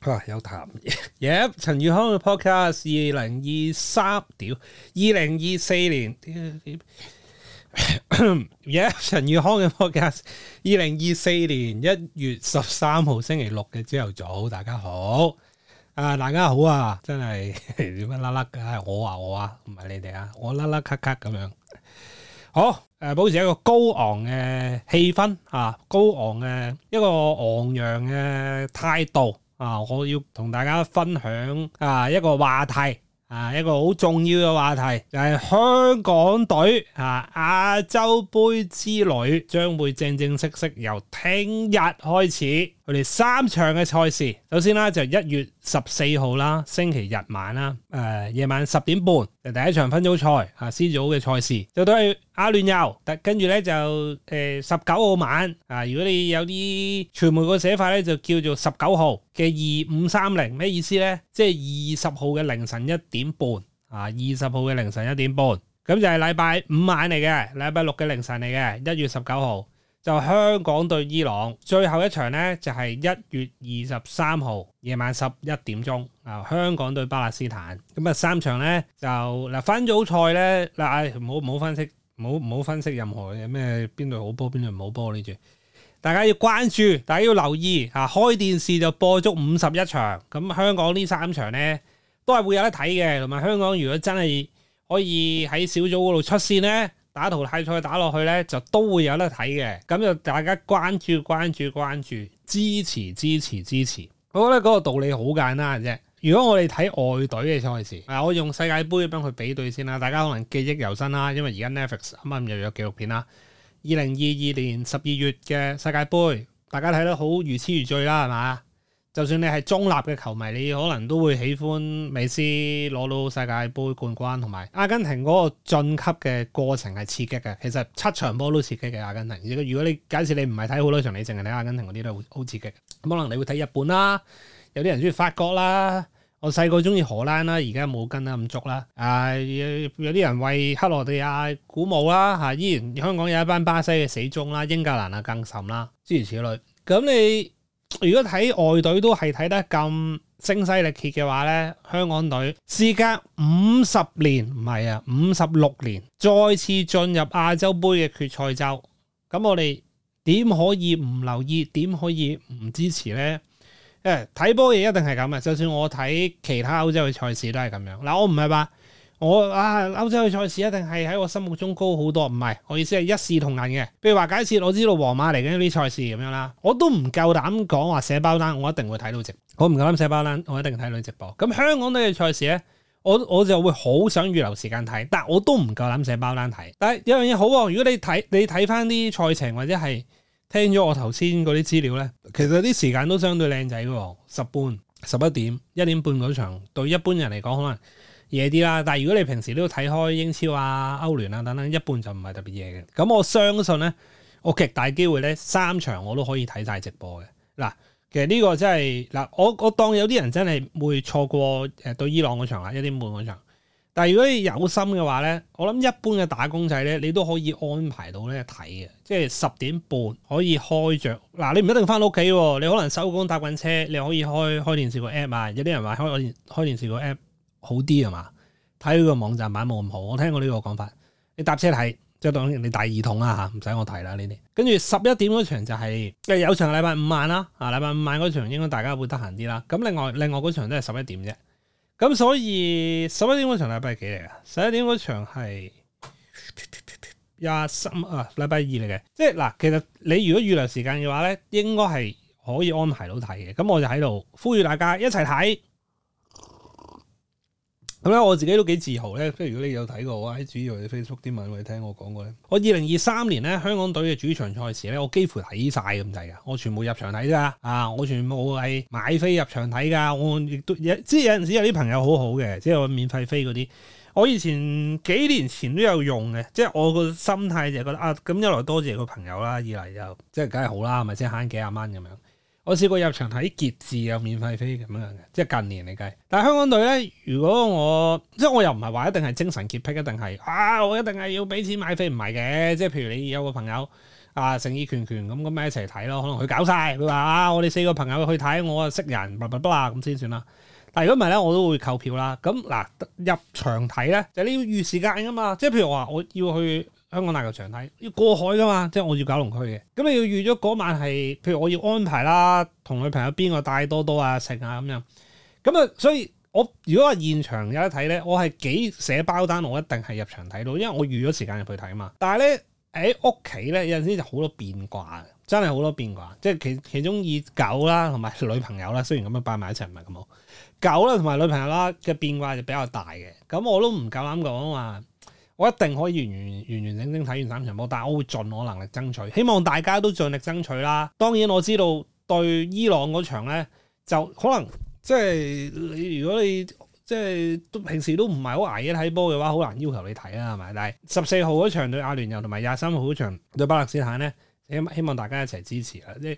吓、 啊、有談嘢，陳 宇、yep, 康嘅 podcast 二零二三屌二零二四年，yep, 陳宇康嘅 podcast 二零二四年一月十三號星期六嘅朝頭早，大家好啊，大家好啊，真係點樣拉拉噶，係 我啊我啊，唔係你哋啊，我拉拉卡卡咁樣。好，誒、呃、保持一個高昂嘅氣氛啊，高昂嘅一個昂揚嘅態度啊，我要同大家分享啊一個話題啊，一個好重要嘅話題就係、是、香港隊啊亞洲杯之旅將會正正式式由聽日開始。佢哋三場嘅賽事，首先啦就一月十四號啦，星期日晚啦，誒、呃、夜晚十點半就第一場分組賽啊，C 組嘅賽事就都係阿聯酋，跟住呢，就誒十九號晚啊，如果你有啲傳媒個寫法呢，就叫做十九號嘅二五三零，咩意思呢？即係二十號嘅凌晨一點半啊，二十號嘅凌晨一點半，咁、啊、就係禮拜五晚嚟嘅，禮拜六嘅凌晨嚟嘅，一月十九號。就香港對伊朗最後一場呢，就係、是、一月二十三號夜晚十一點鐘啊。香港對巴勒斯坦，咁啊，三場呢，就嗱、啊、分組賽呢，嗱、啊，唔好唔好分析，唔好唔好分析任何嘅咩邊隊好波邊隊唔好波呢啲。大家要關注，大家要留意啊！開電視就播足五十一場，咁、啊、香港呢三場呢，都係會有得睇嘅。同埋香港如果真係可以喺小組嗰度出線呢，打淘汰賽打落去呢，就都會有得睇嘅。咁就大家關注關注關注，支持支持支持。我覺得嗰個道理好簡單啫。如果我哋睇外隊嘅賽事，嗱我用世界盃咁去比對先啦。大家可能記憶猶新啦，因為而家 Netflix 啱啱又有紀錄片啦。二零二二年十二月嘅世界盃，大家睇得好如痴如醉啦，係嘛？就算你係中立嘅球迷，你可能都會喜歡美斯攞到世界盃冠軍，同埋阿根廷嗰個晉級嘅過程係刺激嘅。其實七場波都刺激嘅阿根廷。如果你假設你唔係睇好多場，你淨係睇阿根廷嗰啲都好刺激。可能你會睇日本啦，有啲人中意法國啦，我細個中意荷蘭啦，而家冇跟得咁足啦。啊，有啲人為克羅地亞鼓舞啦，嚇、啊、依然香港有一班巴西嘅死忠啦，英格蘭啊更甚啦，諸如此類。咁你？如果睇外隊都係睇得咁聲嘶力竭嘅話呢，香港隊事隔五十年唔係啊，五十六年再次進入亞洲盃嘅決賽週。咁，我哋點可以唔留意？點可以唔支持呢？誒，睇波嘢一定係咁啊！就算我睇其他歐洲嘅賽事都係咁樣。嗱，我唔係話。我啊，歐洲嘅賽事一定係喺我心目中高好多，唔係，我意思係一視同仁嘅。譬如話，假設我知道皇馬嚟緊啲賽事咁樣啦，我都唔夠膽講話寫包單，我一定會睇到直。我唔夠膽寫包單，我一定睇到直播。咁香港啲嘅賽事呢，我我就會好想預留時間睇，但係我都唔夠膽寫包單睇。但係有樣嘢好喎、啊，如果你睇你睇翻啲賽程或者係聽咗我頭先嗰啲資料呢，其實啲時間都相對靚仔嘅，十半十一點一點半嗰場，對一般人嚟講可能，夜啲啦，但係如果你平時都要睇開英超啊、歐聯啊等等，一半就唔係特別夜嘅。咁我相信呢，我極大機會呢三場我都可以睇晒直播嘅。嗱，其實呢個真係嗱，我我當有啲人真係會錯過誒、呃、對伊朗嗰場啊，一點半嗰場。但係如果你有心嘅話呢，我諗一般嘅打工仔呢，你都可以安排到呢睇嘅，即係十點半可以開着。嗱，你唔一定返屋企喎，你可能收工搭緊車，你可以開開電視個 app 啊。有啲人話開開電視個 app。好啲係嘛？睇佢個網站版冇咁好，我聽過呢個講法。你搭車睇，即係當人哋大耳筒啊吓，唔使我提啦呢啲。跟住十一點嗰場就係、是，有場禮拜五晚啦，啊，禮拜五晚嗰場應該大家會得閒啲啦。咁另外另外嗰場都係十一點啫。咁所以十一點嗰場禮拜幾嚟啊？十一點嗰場係廿三啊，禮拜二嚟嘅。即係嗱，其實你如果預留時間嘅話咧，應該係可以安排到睇嘅。咁我就喺度呼籲大家一齊睇。咁咧、嗯、我自己都幾自豪咧，即係如果你有睇過我喺主要嘅 Facebook 啲文，會聽我講過咧。我二零二三年咧香港隊嘅主場賽事咧，我幾乎睇晒咁滯嘅，我全部入場睇㗎。啊，我全部係買飛入場睇㗎。我亦都即係有陣時有啲朋友好好嘅，即係我免費飛嗰啲。我以前幾年前都有用嘅，即係我個心態就係覺得啊，咁一來多謝個朋友啦，二嚟又即係梗係好啦，係咪先慳幾廿蚊咁樣？我試過入場睇傑志有免費飛咁樣嘅，即係近年嚟計。但係香港隊咧，如果我即係我又唔係話一定係精神潔癖，一定係啊！我一定係要俾錢買飛唔係嘅。即係譬如你有個朋友啊，誠意拳拳咁，咁咪一齊睇咯。可能佢搞晒。佢話啊，我哋四個朋友去睇，我啊識人，乜乜乜咁先算啦。但係如果唔係咧，我都會購票啦。咁嗱、啊，入場睇咧就你、是、要預時間噶嘛。即係譬如話，我要去。香港大球場睇要過海噶嘛，即係我住九龍區嘅。咁你要預咗嗰晚係，譬如我要安排啦，同女朋友邊個帶多多啊食啊咁樣，咁啊，所以我如果話現場有得睇咧，我係幾寫包單，我一定係入場睇到，因為我預咗時間入去睇嘛。但係咧，喺屋企咧有陣時就好多變卦，真係好多變卦，即係其其中以狗啦同埋女朋友啦，雖然咁樣擺埋一齊唔係咁好，狗啦同埋女朋友啦嘅變卦就比較大嘅，咁我都唔夠膽講啊。我一定可以完完完完整整睇完三場波，但係我會盡我能力爭取，希望大家都盡力爭取啦。當然我知道對伊朗嗰場呢，就可能即係你如果你即係都平時都唔係好捱夜睇波嘅話，好難要求你睇啦，啊，係咪？但係十四號嗰場對阿聯酋同埋廿三號嗰場對巴勒斯坦呢，希望大家一齊支持啦，啊。即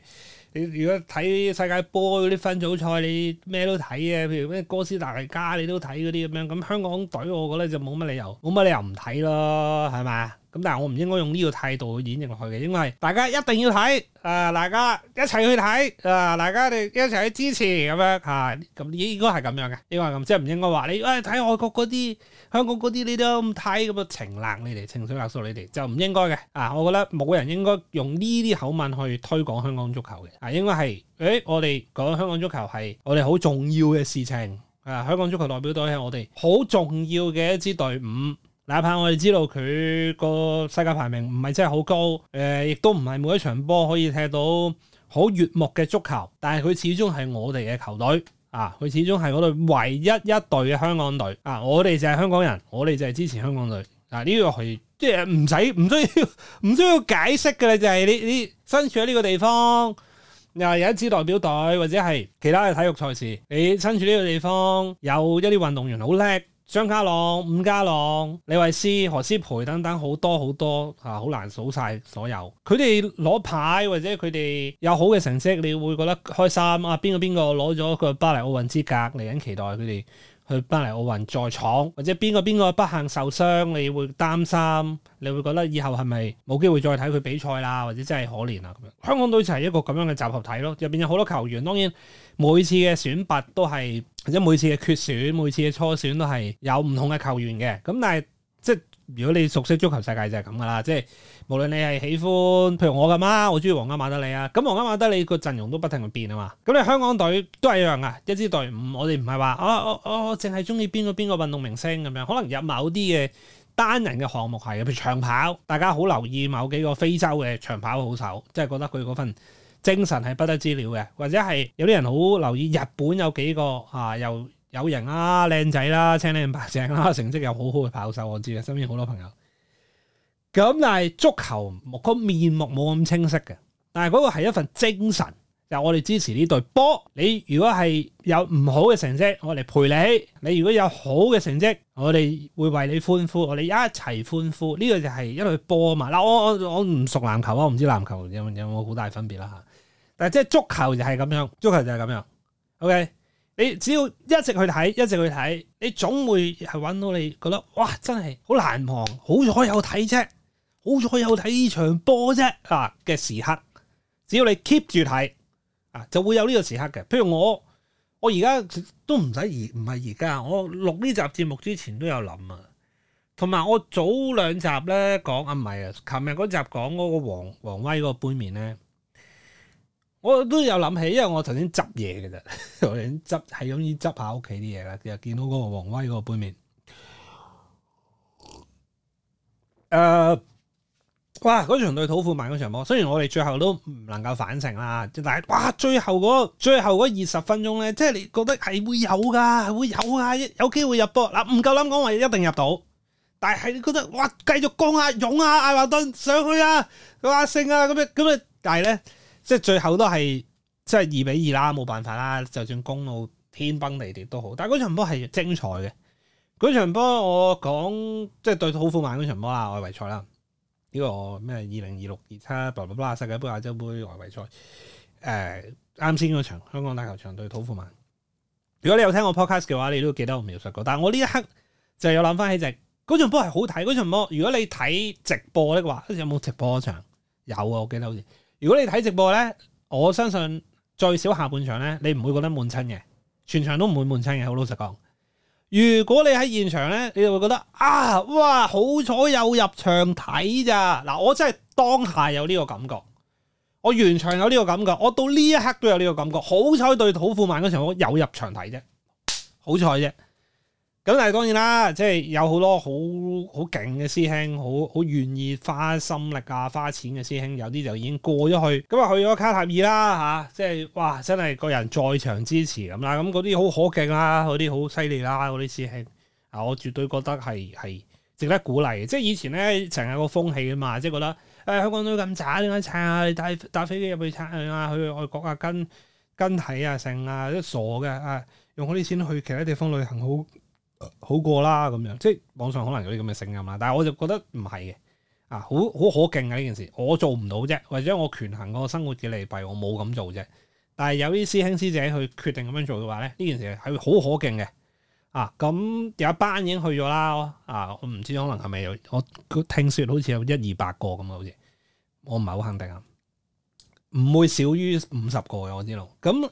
你如果睇世界波嗰啲分組賽，你咩都睇嘅，譬如咩哥斯達黎加你都睇嗰啲咁樣，咁香港隊我覺得就冇乜理由，冇乜理由唔睇咯，係咪啊？咁但係我唔應該用呢個態度去演繹落去嘅，應該係大家一定要睇，誒、呃、大家一齊去睇，誒、呃、大家哋一齊去支持咁樣吓，咁、啊、應該係咁樣嘅。你話咁即係唔應該話你誒睇外國嗰啲，香港嗰啲你都唔睇咁啊,樣情難你哋，情緒勒索你哋，就唔應該嘅。啊，我覺得冇人應該用呢啲口吻去推廣香港足球嘅。啊，應該係誒我哋講香港足球係我哋好重要嘅事情，啊香港足球代表隊係我哋好重要嘅一支隊伍。哪怕我哋知道佢個世界排名唔係真係好高，誒，亦都唔係每一場波可以踢到好悦目嘅足球，但係佢始終係我哋嘅球隊啊！佢始終係我哋唯一一隊嘅香港隊啊！我哋就係香港人，我哋就係支持香港隊啊！呢個係即係唔使唔需要唔需要解釋嘅啦，就係你你身處喺呢個地方，又有一支代表隊，或者係其他嘅體育賽事，你身處呢個地方有一啲運動員好叻。張家朗、伍家朗、李慧詩、何詩蓓等等好多好多啊，好難數晒所有。佢哋攞牌或者佢哋有好嘅成績，你會覺得開心啊？邊個邊個攞咗個巴黎奧運資格嚟緊？期待佢哋。去巴黎奧運再闖，或者邊個邊個不幸受傷，你會擔心，你會覺得以後係咪冇機會再睇佢比賽啦，或者真係可憐啊咁樣。香港隊就係一個咁樣嘅集合體咯，入邊有好多球員。當然每次嘅選拔都係，或者每次嘅決選、每次嘅初選都係有唔同嘅球員嘅。咁但係。如果你熟悉足球世界就係咁噶啦，即係無論你係喜歡，譬如我咁啊，我中意皇家馬德里啊。咁皇家馬德里個陣容都不停變啊嘛。咁你香港隊都係一樣啊，一支隊伍。我哋唔係話我我我我淨係中意邊個邊個運動明星咁樣，可能入某啲嘅單人嘅項目係譬如長跑，大家好留意某幾個非洲嘅長跑好手，即係覺得佢嗰份精神係不得之了嘅。或者係有啲人好留意日本有幾個啊又。有型啊，靚仔啦，青靚白淨啦，成績又好好嘅跑手，我知啊，身邊好多朋友。咁但係足球，個面目冇咁清晰嘅。但係嗰個係一份精神，就係，我哋支持呢隊波。你如果係有唔好嘅成績，我嚟陪你；你如果有好嘅成績，我哋會為你歡呼，我哋一齊歡呼。呢、這個就係一類波啊嘛。嗱，我我我唔熟籃球啊，我唔知籃球有有冇好大分別啦吓。但係即係足球就係咁樣，足球就係咁樣。O K。你只要一直去睇，一直去睇，你總會係搵到你覺得，哇！真係好難忘，好彩有睇啫，好彩有睇呢場波啫啊嘅時刻。只要你 keep 住睇啊，就會有呢個時刻嘅。譬如我，我而家都唔使而，唔係而家。我錄呢集節目之前都有諗啊，同埋我早兩集咧講啊，唔係啊，琴日嗰集講嗰個黃黃威嗰個背面咧。我都有諗起，因為我頭先執嘢嘅啫，頭先執係咁意執下屋企啲嘢啦，就見到嗰個王威嗰個杯麵。誒、uh,，哇！嗰場對土庫曼嗰場波，雖然我哋最後都唔能夠反勝啦，但係哇，最後嗰最後嗰二十分鐘咧，即係你覺得係會有噶，係會有啊，有有機會入波。嗱，唔夠諗講話一定入到，但係你覺得哇，繼續攻啊，勇啊，艾華頓上去啊，阿聖啊，咁樣咁啊，但係咧。即係最後都係即係二比二啦，冇辦法啦。就算攻到天崩地裂都好，但係嗰場波係精彩嘅。嗰場波我講即係對土庫曼嗰場波啊，外圍賽啦。呢、這個咩二零二六二七，巴拉巴拉世界杯亞洲杯外圍賽。誒、呃，啱先嗰場香港大球場對土庫曼。如果你有聽我 podcast 嘅話，你都記得我描述過。但係我呢一刻就有諗翻起只嗰場波係好睇。嗰場波如果你睇直播的話，有冇直播嗰場？有啊，我記得好似。如果你睇直播呢，我相信最少下半場呢，你唔會覺得悶親嘅，全場都唔會悶親嘅。好老實講，如果你喺現場呢，你就會覺得啊，哇，好彩有入場睇咋嗱，我真係當下有呢個感覺，我完場有呢個感覺，我到呢一刻都有呢個感覺，好彩對土庫曼嗰場我有入場睇啫，好彩啫。咁但係當然啦，即係有好多好好勁嘅師兄，好好願意花心力啊、花錢嘅師兄，有啲就已經過咗去，咁啊去咗卡塔爾啦吓、啊，即係哇，真係個人在場支持咁啦，咁嗰啲好可敬啦，嗰啲好犀利啦，嗰啲師兄啊，我絕對覺得係係值得鼓勵，即係以前咧成日個風氣噶嘛，即係覺得誒、哎、香港都咁渣點解撐啊，帶搭飛機入去撐啊，去外國啊跟跟睇啊成啊都傻嘅啊，用嗰啲錢去其他地方旅行好。好過啦，咁樣即係網上可能有啲咁嘅聲音啦，但係我就覺得唔係嘅，啊好好可敬啊呢件事，我做唔到啫，或者我權衡個生活嘅利弊，我冇咁做啫。但係有啲師兄師姐去決定咁樣做嘅話咧，呢件事係好可敬嘅，啊咁、嗯、有一班已經去咗啦，啊我唔知可能係咪有，我聽說好似有一二百個咁啊，好似我唔係好肯定啊，唔會少於五十個嘅我知道。咁、嗯。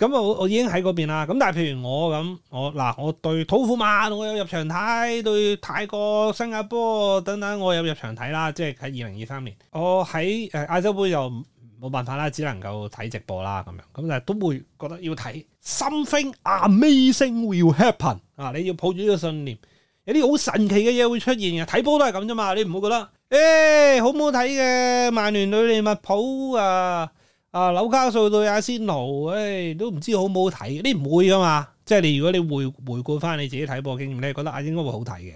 咁我我已經喺嗰邊啦，咁但係譬如我咁，我嗱，我對土庫曼，我有入場睇對泰國、新加坡等等，我有入場睇啦，即係喺二零二三年，我喺誒、呃、亞洲盃又冇辦法啦，只能夠睇直播啦咁樣，咁但係都會覺得要睇，something amazing will happen 啊！你要抱住呢個信念，有啲好神奇嘅嘢會出現嘅，睇波都係咁啫嘛，你唔好覺得誒、欸、好唔好睇嘅，曼聯對利物浦啊！啊！紐卡素對阿仙奴，誒、哎，都唔知好唔好睇，你唔會噶嘛？即係你如果你回顧、回顧翻你自己睇波經驗咧，你覺得啊應該會好睇嘅。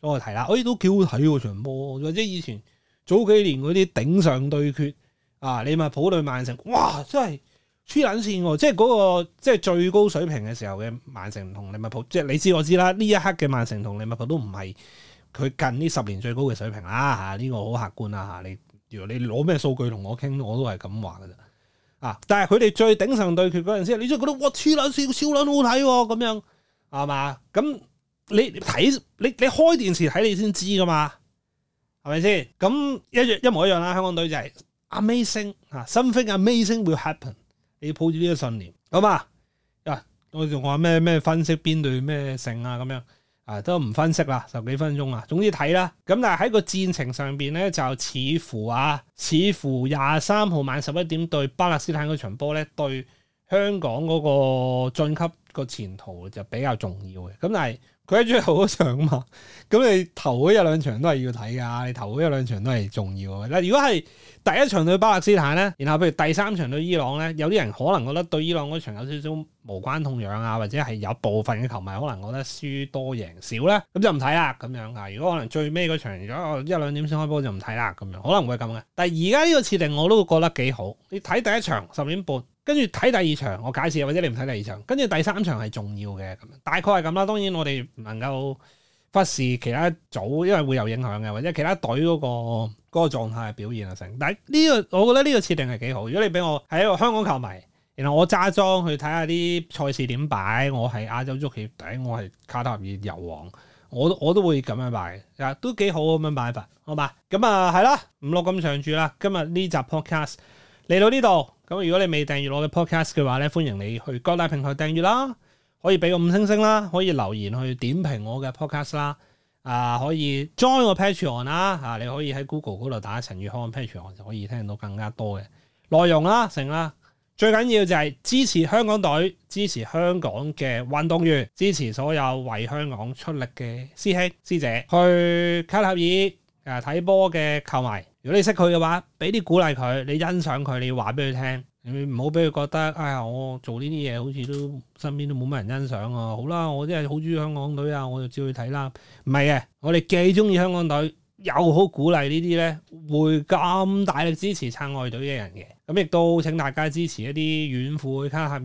我睇啦，哎，都幾好睇喎場波，或者以前早幾年嗰啲頂上對決啊，利物浦對曼城，哇，真係黐撚線喎！即係嗰、那個即係最高水平嘅時候嘅曼城同利物浦，即係你知我知啦。呢一刻嘅曼城同利物浦都唔係佢近呢十年最高嘅水平啦，吓、啊、呢、啊這個好客觀啦吓、啊。你如果你攞咩數據同我傾，我都係咁話噶咋。啊！但係佢哋最頂層對決嗰陣時，你就覺得哇，黐撚線超撚好睇喎、哦！咁樣係嘛？咁你睇你你開電視睇你先知噶嘛？係咪先？咁一一模一樣啦！香港隊就係 amazing 啊，something amazing will happen。你要抱住呢個信念好嘛！我仲話咩咩分析邊隊咩勝啊咁樣。啊，都唔分析啦，十幾分鐘啦。總之睇啦。咁但係喺個戰情上邊咧，就似乎啊，似乎廿三號晚十一點對巴勒斯坦嗰場波咧，對。香港嗰個晉級個前途，就比較重要嘅。咁但係佢喺最後嗰場嘛，咁你頭一兩場都係要睇噶你頭一兩場都係重要嘅。但係如果係第一場對巴勒斯坦咧，然後譬如第三場對伊朗咧，有啲人可能覺得對伊朗嗰場有少少無關痛癢啊，或者係有部分嘅球迷可能覺得輸多贏少咧，咁就唔睇啦咁樣啊。如果可能最尾嗰場，如果我一兩點先開波就唔睇啦咁樣，可能會咁嘅。但係而家呢個設定我都覺得幾好，你睇第一場十點半。跟住睇第二場，我解釋，或者你唔睇第二場。跟住第三場係重要嘅，咁大概係咁啦。當然我哋唔能夠忽視其他組，因為會有影響嘅，或者其他隊嗰、嗰個嗰、嗰個狀態嘅表現啊成。但係、呢、呢個我覺得呢個設定係幾好。如果你俾我喺一個香港球迷，然後我揸莊去睇下啲賽事點擺，我係亞洲足協頂，我係卡塔爾油王，我都我都會咁樣擺，都幾好咁樣擺法，好嘛？咁、嗯、啊，係、嗯、啦，五六咁上下啦。今日呢集 podcast 嚟到呢度。咁如果你未訂閱我嘅 podcast 嘅話咧，歡迎你去各大平台訂閱啦，可以俾個五星星啦，可以留言去點評我嘅 podcast 啦，啊，可以 join 我 Patreon 啦，啊，on，啊你可以喺 Google 度打陳宇康 Patreon 就可以聽到更加多嘅內容啦，成啦，最緊要就係支持香港隊，支持香港嘅運動員，支持所有為香港出力嘅師兄師姐去卡塔爾睇波嘅球迷。如果你識佢嘅話，俾啲鼓勵佢，你欣賞佢，你要話俾佢聽，你唔好俾佢覺得，哎呀，我做呢啲嘢好似都身邊都冇乜人欣賞啊！好啦，我真係好中意香港隊啊，我就照去睇啦。唔係嘅，我哋既中意香港隊，又好鼓勵呢啲呢會咁大力支持撐外隊嘅人嘅。咁亦都請大家支持一啲遠赴卡塔爾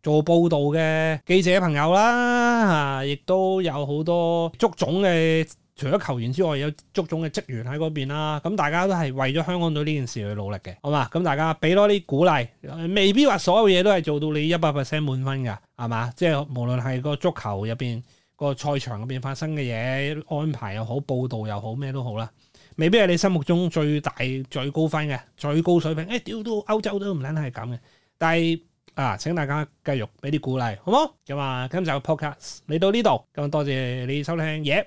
做報道嘅記者朋友啦，嚇、啊！亦都有好多足總嘅。除咗球員之外，有足總嘅職員喺嗰邊啦。咁大家都係為咗香港隊呢件事去努力嘅，好嘛？咁大家俾多啲鼓勵，未必話所有嘢都係做到你一百 percent 滿分噶，係嘛？即係無論係個足球入邊個賽場入邊發生嘅嘢，安排又好，報道又好，咩都好啦。未必係你心目中最大最高分嘅最高水平。誒、哎，屌到歐洲都唔撚係咁嘅。但係啊，請大家繼續俾啲鼓勵，好冇？咁啊，今日嘅 podcast 嚟到呢度，咁多謝你收聽、yeah.